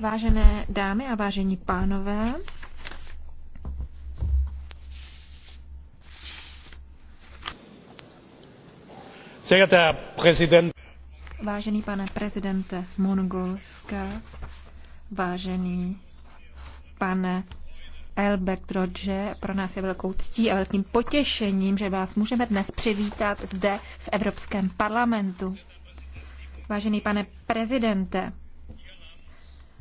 Vážené dámy a vážení pánové, Vážený pane prezidente Mongolska, vážený pane Elbert Rodže. Pro nás je velkou ctí a velkým potěšením, že vás můžeme dnes přivítat zde v Evropském parlamentu. Vážený pane prezidente,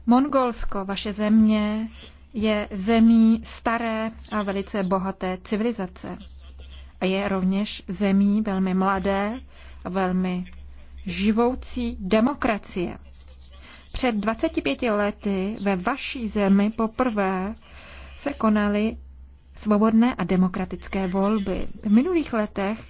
Mongolsko, vaše země, je zemí staré a velice bohaté civilizace. A je rovněž zemí velmi mladé a velmi živoucí demokracie. Před 25 lety ve vaší zemi poprvé se konaly svobodné a demokratické volby. V minulých letech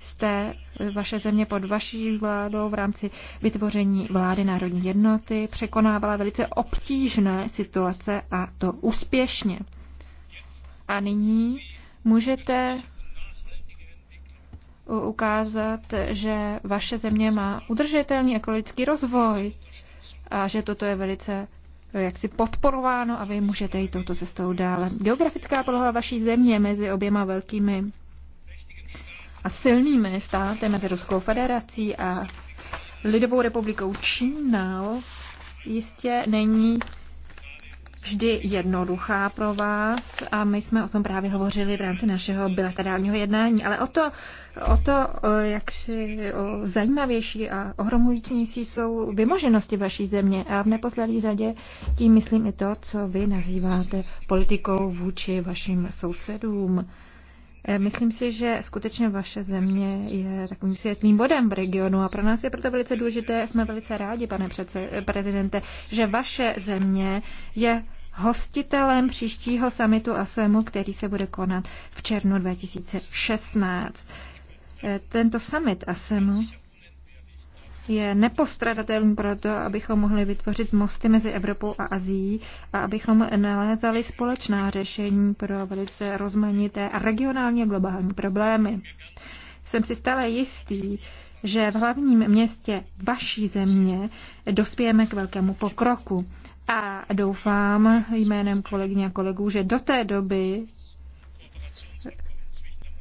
jste eh, vaše země pod vaší vládou v rámci vytvoření vlády národní jednoty překonávala velice obtížné situace a to úspěšně. A nyní můžete ukázat, že vaše země má udržitelný ekologický rozvoj a že toto je velice jaksi podporováno a vy můžete jít touto cestou dále. Geografická poloha vaší země mezi oběma velkými a silnými státy, mezi Ruskou federací a Lidovou republikou Čínou, jistě není vždy jednoduchá pro vás a my jsme o tom právě hovořili v rámci našeho bilaterálního jednání, ale o to, o to jak si o zajímavější a ohromující jsou vymoženosti vaší země a v neposlední řadě tím myslím i to, co vy nazýváte politikou vůči vašim sousedům. E, myslím si, že skutečně vaše země je takovým světlým bodem v regionu a pro nás je proto velice důležité, jsme velice rádi, pane prezidente, že vaše země je hostitelem příštího samitu ASEMu, který se bude konat v červnu 2016. Eh, tento summit ASEMu je nepostradatelný proto, abychom mohli vytvořit mosty mezi Evropou a Azií a abychom nalézali společná řešení pro velice rozmanité a regionálně globální problémy. Jsem si stále jistý, že v hlavním městě vaší země dospějeme k velkému pokroku. A doufám jménem kolegyně a kolegů, že do té doby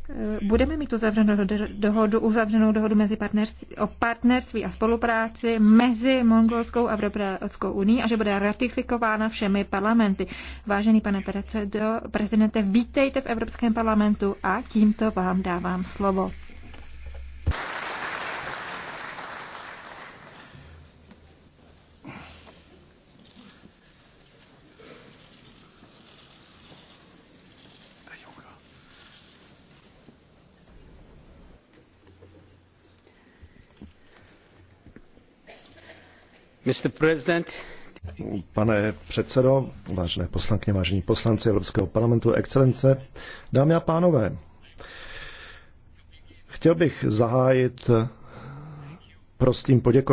eh, budeme mít uzavřenou dohodu, uzavřenou dohodu mezi partnerství, o partnerství a spolupráci mezi Mongolskou a Evropskou unii a že bude ratifikována všemi parlamenty. Vážený pane prezidente, vítejte v Evropském parlamentu a tímto vám dávám slovo. Pane předsedo, vážené poslankyně, vážení poslanci Evropského parlamentu, excelence, dámy a pánové, chtěl bych zahájit prostým poděkováním.